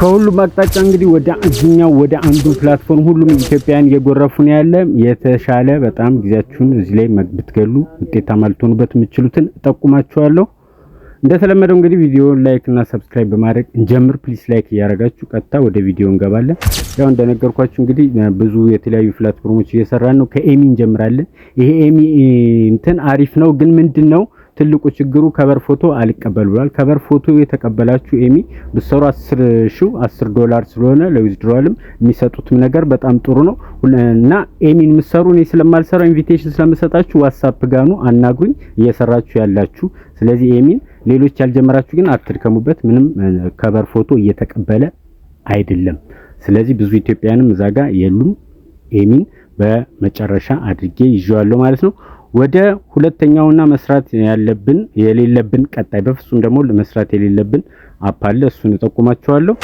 ከሁሉም አቅጣጫ እንግዲህ ወደ እዚህኛው ወደ አንዱ ፕላትፎርም ሁሉም ኢትዮጵያን እየጎረፉ ነው ያለ። የተሻለ በጣም ጊዜያችሁን እዚህ ላይ ብትገሉ ውጤታማ ልትሆኑበት ምችሉትን እጠቁማችኋለሁ። እንደተለመደው እንግዲህ ቪዲዮውን ላይክ እና ሰብስክራይብ በማድረግ እንጀምር። ፕሊስ ላይክ እያደረጋችሁ ቀጥታ ወደ ቪዲዮ እንገባለን። ያው እንደነገርኳችሁ እንግዲህ ብዙ የተለያዩ ፕላትፎርሞች እየሰራን ነው። ከኤሚ እንጀምራለን። ይሄ ኤሚ እንትን አሪፍ ነው፣ ግን ምንድን ነው ትልቁ ችግሩ ከበር ፎቶ አልቀበል ብሏል። ከበር ፎቶ የተቀበላችሁ ኤሚ ብሰሩ 10 ሺ 10 ዶላር ስለሆነ ለዊዝድሮዋልም የሚሰጡትም ነገር በጣም ጥሩ ነው እና ኤሚን ምሰሩ እኔ ስለማልሰራው ኢንቪቴሽን ስለምሰጣችሁ ዋትሳፕ ጋኑ አናግሩኝ እየሰራችሁ ያላችሁ። ስለዚህ ኤሚን ሌሎች ያልጀመራችሁ ግን አትድከሙበት። ምንም ከበር ፎቶ እየተቀበለ አይደለም። ስለዚህ ብዙ ኢትዮጵያውያንም እዛ ጋር የሉም። ኤሚን በመጨረሻ አድርጌ ይዤዋለሁ ማለት ነው። ወደ ሁለተኛውና መስራት ያለብን የሌለብን ቀጣይ በፍጹም ደግሞ መስራት የሌለብን አፕ አለ። እሱን እጠቁማችኋለሁ።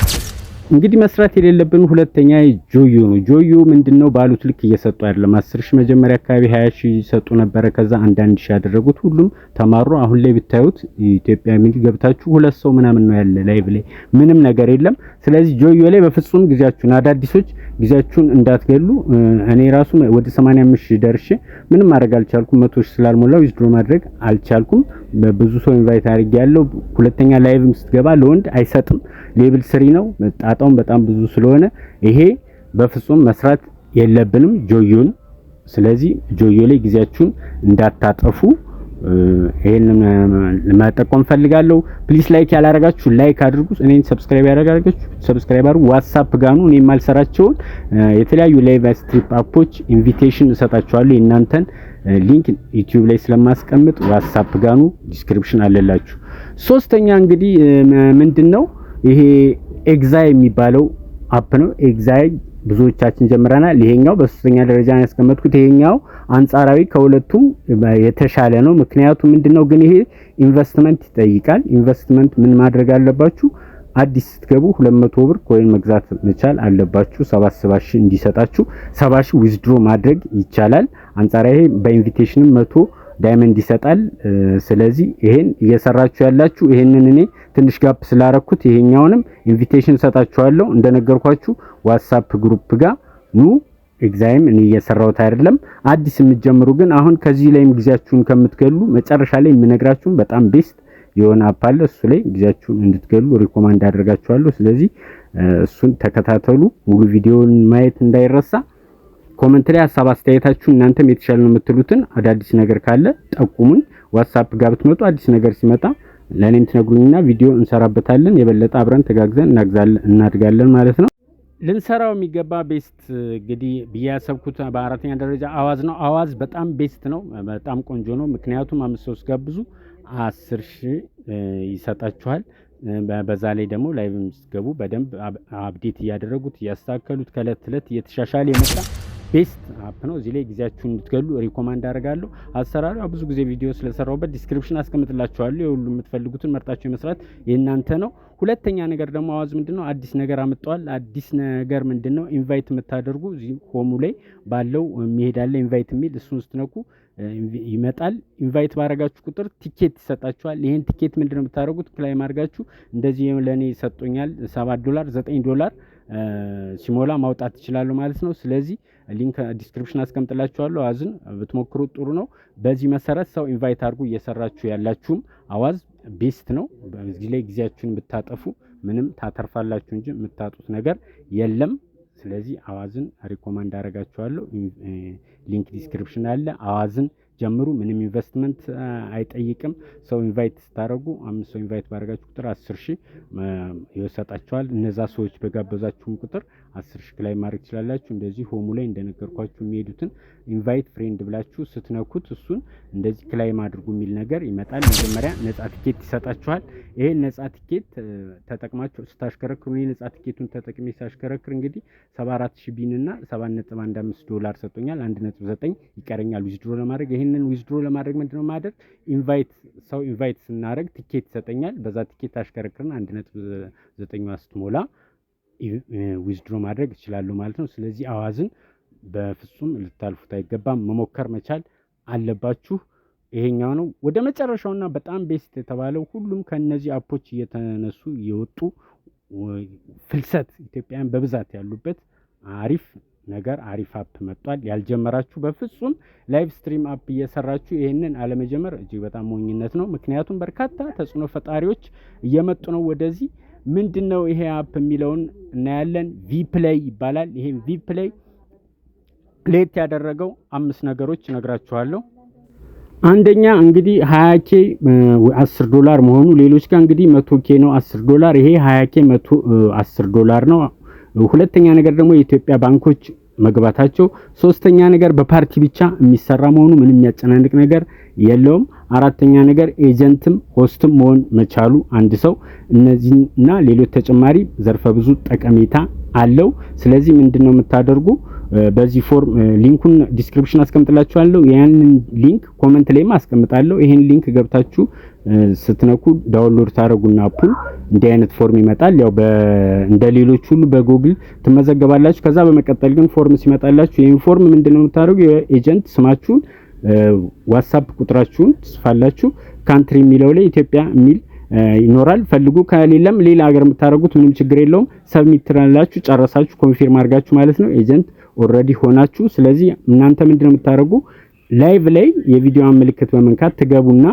እንግዲህ መስራት የሌለብን ሁለተኛ ጆዮ ነው። ጆዮ ምንድነው ባሉት ልክ እየሰጡ አይደለም። አስር ሺህ መጀመሪያ አካባቢ ሀያ ሺህ ይሰጡ ነበረ። ከዛ አንዳንድ ሺህ ያደረጉት ሁሉም ተማሩ። አሁን ላይ ብታዩት ኢትዮጵያ ሚል ገብታችሁ ሁለት ሰው ምናምን ነው ያለ ላይቭ ላይ ምንም ነገር የለም። ስለዚህ ጆዮ ላይ በፍጹም ጊዜያችሁን አዳዲሶች ጊዜያችሁን እንዳትገሉ። እኔ ራሱ ወደ 85 ሺህ ደርሼ ምንም ማድረግ አልቻልኩም። መቶ ሺህ ስላልሞላው ዊዝድሮ ማድረግ አልቻልኩም። በብዙ ሰው ኢንቫይት አድርጌ ያለው ሁለተኛ ላይቭም ስትገባ ለወንድ አይሰጥም። ሌብል ስሪ ነው መጣ ጣጣውን በጣም ብዙ ስለሆነ ይሄ በፍጹም መስራት የለብንም ጆዮን። ስለዚህ ጆዮ ላይ ጊዜያችሁን እንዳታጠፉ ይሄን መጠቆም ፈልጋለሁ። ፕሊስ ላይክ ያላረጋችሁ ላይክ አድርጉ። እኔን ሰብስክራይብ ያላረጋችሁ ሰብስክራይብ አድርጉ። ዋትስአፕ ጋኑ እኔ የማልሰራቸውን የተለያዩ ላይቭ ስትሪፕ አፖች ኢንቪቴሽን እሰጣችኋለሁ። የእናንተን ሊንክ ዩቲዩብ ላይ ስለማስቀምጥ ዋትስአፕ ጋኑ ዲስክሪፕሽን አለላችሁ። ሶስተኛ እንግዲህ ምንድነው ይሄ ኤግዛይ የሚባለው አፕ ነው። ኤግዛይ ብዙዎቻችን ጀምረናል። ይሄኛው በሶስተኛ ደረጃ ነው ያስቀመጥኩት። ይሄኛው አንጻራዊ ከሁለቱም የተሻለ ነው። ምክንያቱ ምንድነው ግን ይሄ ኢንቨስትመንት ይጠይቃል። ኢንቨስትመንት ምን ማድረግ አለባችሁ? አዲስ ስትገቡ 200 ብር ኮይን መግዛት መቻል አለባችሁ። 77000 እንዲሰጣችሁ 70000 ዊዝድሮ ማድረግ ይቻላል። አንጻራዊ በኢንቪቴሽንም 100 ዳይመንድ ይሰጣል። ስለዚህ ይሄን እየሰራችሁ ያላችሁ ይሄንን እኔ ትንሽ ጋፕ ስላረኩት ይሄኛውንም ኢንቪቴሽን ሰጣችኋለሁ። እንደነገርኳችሁ ዋትሳፕ ግሩፕ ጋር ኑ። ኤግዛይም እኔ እየሰራሁት አይደለም። አዲስ የምትጀምሩ ግን አሁን ከዚህ ላይም ጊዜያችሁን ከምትገሉ መጨረሻ ላይ የምነግራችሁን በጣም ቤስት የሆነ አፕ አለ። እሱ ላይ ጊዜያችሁን እንድትገሉ ሪኮማንድ አደርጋችኋለሁ። ስለዚህ እሱን ተከታተሉ። ሙሉ ቪዲዮን ማየት እንዳይረሳ። ኮመንት ላይ ሀሳብ አስተያየታችሁ፣ እናንተም የተሻለ ነው የምትሉትን አዳዲስ ነገር ካለ ጠቁሙኝ። ዋትሳፕ ጋር ብትመጡ አዲስ ነገር ሲመጣ ለእኔም ትነግሩኝና ቪዲዮ እንሰራበታለን። የበለጠ አብረን ተጋግዘን እናድጋለን ማለት ነው። ልንሰራው የሚገባ ቤስት እንግዲህ ብዬ ያሰብኩት በአራተኛ ደረጃ አዋዝ ነው። አዋዝ በጣም ቤስት ነው፣ በጣም ቆንጆ ነው። ምክንያቱም አምስት ሰው ስጋብዙ አስር ሺህ ይሰጣችኋል። በዛ ላይ ደግሞ ላይቭ ስትገቡ በደንብ አብዴት እያደረጉት እያስተካከሉት ከእለት እለት እየተሻሻለ የመጣ ቤስት አፕ ነው። እዚህ ላይ ጊዜያችሁን እንድትገሉ ሪኮማንድ አደርጋለሁ። አሰራሩ ብዙ ጊዜ ቪዲዮ ስለሰራሁበት ዲስክሪፕሽን አስቀምጥላችኋለሁ። የሁሉ የምትፈልጉትን መርጣችሁ የመስራት የእናንተ ነው። ሁለተኛ ነገር ደግሞ አዋዝ ምንድን ነው አዲስ ነገር አምጠዋል። አዲስ ነገር ምንድን ነው ኢንቫይት የምታደርጉ እዚህ ሆሙ ላይ ባለው የሚሄዳለ ኢንቫይት የሚል እሱን ስትነኩ ይመጣል። ኢንቫይት ባረጋችሁ ቁጥር ቲኬት ይሰጣችኋል። ይህን ቲኬት ምንድን ነው የምታደርጉት? ክላይም አድርጋችሁ እንደዚህ ለእኔ ይሰጡኛል ሰባት ዶላር ዘጠኝ ዶላር ሲሞላ ማውጣት ትችላሉ ማለት ነው። ስለዚህ ሊንክ ዲስክሪፕሽን አስቀምጥላችኋለሁ። አዋዝን ብትሞክሩት ጥሩ ነው። በዚህ መሰረት ሰው ኢንቫይት አድርጉ። እየሰራችሁ ያላችሁም አዋዝ ቤስት ነው። በዚህ ላይ ጊዜያችሁን ብታጠፉ ምንም ታተርፋላችሁ እንጂ የምታጡት ነገር የለም። ስለዚህ አዋዝን ሪኮማንድ አደረጋችኋለሁ። ሊንክ ዲስክሪፕሽን አለ። አዋዝን ጀምሩ። ምንም ኢንቨስትመንት አይጠይቅም። ሰው ኢንቫይት ስታደረጉ አምስት ሰው ኢንቫይት ባደረጋችሁ ቁጥር አስር ሺህ ይወሰጣችኋል። እነዛ ሰዎች በጋበዛችሁም ቁጥር አስር ሺ ላይ ማድረግ ትችላላችሁ። እንደዚህ ሆሙ ላይ እንደነገርኳችሁ የሚሄዱትን ኢንቫይት ፍሬንድ ብላችሁ ስትነኩት እሱን እንደዚህ ክላይም አድርጉ የሚል ነገር ይመጣል። መጀመሪያ ነጻ ትኬት ይሰጣችኋል። ይሄን ነጻ ትኬት ተጠቅማችሁ ስታሽከረክሩ እኔ ነጻ ትኬቱን ተጠቅሜ ሳሽከረክር እንግዲህ ሺ ቢን እና አምስት ዶላር ሰጥቶኛል። ዘጠኝ ይቀረኛል ዊዝድሮ ለማድረግ። ይህንን ዊዝድሮ ለማድረግ ምንድነው ማድረግ ኢንቫይት ሰው ኢንቫይት ስናደረግ ትኬት ይሰጠኛል። በዛ ትኬት አሽከረክርን 1.9 ስትሞላ ዊዝድሮ ማድረግ ይችላሉ ማለት ነው። ስለዚህ አዋዝን በፍጹም ልታልፉት አይገባም። መሞከር መቻል አለባችሁ። ይሄኛው ነው ወደ መጨረሻውና በጣም ቤስት የተባለው ሁሉም ከነዚህ አፖች እየተነሱ እየወጡ ፍልሰት ኢትዮጵያውያን በብዛት ያሉበት አሪፍ ነገር አሪፍ አፕ መጥቷል። ያልጀመራችሁ በፍጹም ላይቭ ስትሪም አፕ እየሰራችሁ ይህንን አለመጀመር እጅግ በጣም ሞኝነት ነው። ምክንያቱም በርካታ ተጽዕኖ ፈጣሪዎች እየመጡ ነው ወደዚህ ምንድን ነው ይሄ አፕ የሚለውን እናያለን። ቪፕላይ ይባላል። ይሄ ቪፕላይ ሌት ያደረገው አምስት ነገሮች ነግራችኋለሁ። አንደኛ እንግዲህ 20 ኬ 10 ዶላር መሆኑ ሌሎች ጋር እንግዲህ 100 ኬ ነው 10 ዶላር፣ ይሄ 20 ኬ 110 ዶላር ነው። ሁለተኛ ነገር ደግሞ የኢትዮጵያ ባንኮች መግባታቸው። ሶስተኛ ነገር በፓርቲ ብቻ የሚሰራ መሆኑ ምንም የሚያጨናንቅ ነገር የለውም። አራተኛ ነገር ኤጀንትም ሆስትም መሆን መቻሉ አንድ ሰው እነዚህና ሌሎች ተጨማሪ ዘርፈ ብዙ ጠቀሜታ አለው። ስለዚህ ምንድን ነው የምታደርጉ በዚህ ፎርም ሊንኩን ዲስክሪፕሽን አስቀምጥላችኋለሁ። ያንን ሊንክ ኮመንት ላይም አስቀምጣለሁ። ይሄን ሊንክ ገብታችሁ ስትነኩ ዳውንሎድ ታደረጉና አፑን እንዲህ አይነት ፎርም ይመጣል። ያው እንደ ሌሎች ሁሉ በጉግል ትመዘገባላችሁ። ከዛ በመቀጠል ግን ፎርም ሲመጣላችሁ ይህን ፎርም ምንድነው የምታደርጉ? የኤጀንት ስማችሁን፣ ዋትሳፕ ቁጥራችሁን ትጽፋላችሁ። ካንትሪ የሚለው ላይ ኢትዮጵያ የሚል ይኖራል። ፈልጉ። ከሌለም ሌላ ሀገር የምታደርጉት ምንም ችግር የለውም። ሰብሚት ትላላችሁ። ጨረሳችሁ፣ ኮንፊርም አድርጋችሁ ማለት ነው ኤጀንት ኦልሬዲ ሆናችሁ። ስለዚህ እናንተ ምንድነው የምታደርጉ ላይቭ ላይ የቪዲዮ ምልክት በመንካት ትገቡና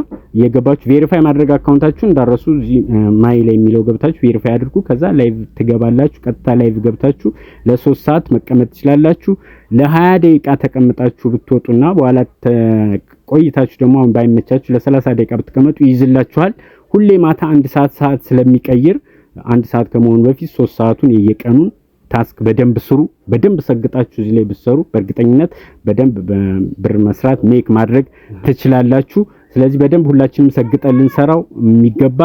የገባችሁ ቬሪፋይ ማድረግ አካውንታችሁ እንዳረሱ ማይ ላይ የሚለው ገብታችሁ ቬሪፋይ አድርጉ። ከዛ ላይቭ ትገባላችሁ። ቀጥታ ላይቭ ገብታችሁ ለሶስት ሰዓት መቀመጥ ትችላላችሁ። ለሀያ ደቂቃ ተቀምጣችሁ ብትወጡና በኋላ ቆይታችሁ ደግሞ አሁን ባይመቻችሁ ለሰላሳ ደቂቃ ብትቀመጡ ይይዝላችኋል። ሁሌ ማታ አንድ ሰዓት ሰዓት ስለሚቀይር አንድ ሰዓት ከመሆኑ በፊት ሶስት ሰዓቱን የየቀኑን ታስክ በደንብ ስሩ። በደንብ ሰግጣችሁ እዚህ ላይ ብትሰሩ በእርግጠኝነት በደንብ ብር መስራት ሜክ ማድረግ ትችላላችሁ። ስለዚህ በደንብ ሁላችንም ሰግጠን ልንሰራው የሚገባ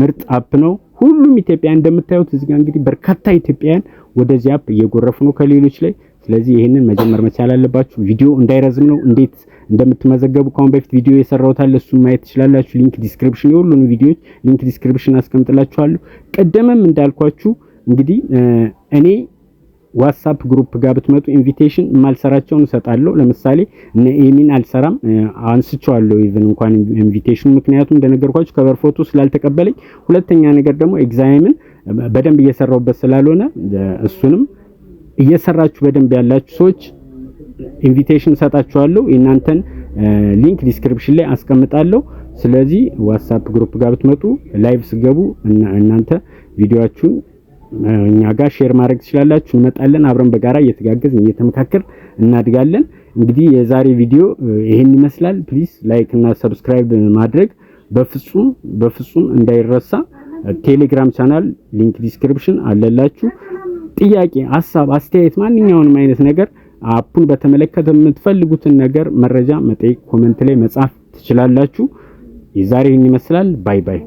ምርጥ አፕ ነው። ሁሉም ኢትዮጵያውያን እንደምታዩት እዚህ ጋር እንግዲህ በርካታ ኢትዮጵያውያን ወደዚህ አፕ እየጎረፉ ነው ከሌሎች ላይ። ስለዚህ ይህንን መጀመር መቻል አለባችሁ። ቪዲዮ እንዳይረዝም ነው እንዴት እንደምትመዘገቡ ከአሁን በፊት ቪዲዮ የሰራሁት እሱም ማየት ትችላላችሁ። ሊንክ ዲስክሪፕሽን፣ የሁሉንም ቪዲዮዎች ሊንክ ዲስክሪፕሽን አስቀምጥላችኋለሁ። ቀደምም እንዳልኳችሁ እንግዲህ እኔ ዋትሳፕ ግሩፕ ጋር ብትመጡ ኢንቪቴሽን ማልሰራቸውን እሰጣለሁ። ለምሳሌ እነ ኤሚን አልሰራም አንስቸዋለሁ፣ ኢቭን እንኳን ኢንቪቴሽን ምክንያቱም እንደነገርኳችሁ ከበር ፎቶ ስላልተቀበለኝ፣ ሁለተኛ ነገር ደግሞ ኤግዛይምን በደንብ እየሰራሁበት ስላልሆነ እሱንም እየሰራችሁ በደንብ ያላችሁ ሰዎች ኢንቪቴሽን እሰጣችኋለሁ። የእናንተን ሊንክ ዲስክሪፕሽን ላይ አስቀምጣለሁ። ስለዚህ ዋትሳፕ ግሩፕ ጋር ብትመጡ ላይቭ ስገቡ እናንተ ቪዲዮአችሁን እኛ ጋር ሼር ማድረግ ትችላላችሁ። እንመጣለን፣ አብረን በጋራ እየተጋገዝን እየተመካከር እናድጋለን። እንግዲህ የዛሬ ቪዲዮ ይሄን ይመስላል። ፕሊስ ላይክ እና ሰብስክራይብ ማድረግ በፍጹም በፍጹም እንዳይረሳ። ቴሌግራም ቻናል ሊንክ ዲስክሪፕሽን አለላችሁ። ጥያቄ፣ ሀሳብ፣ አስተያየት ማንኛውንም አይነት ነገር አፑን በተመለከተ የምትፈልጉትን ነገር መረጃ መጠየቅ ኮመንት ላይ መጻፍ ትችላላችሁ። የዛሬ ይህን ይመስላል። ባይ ባይ።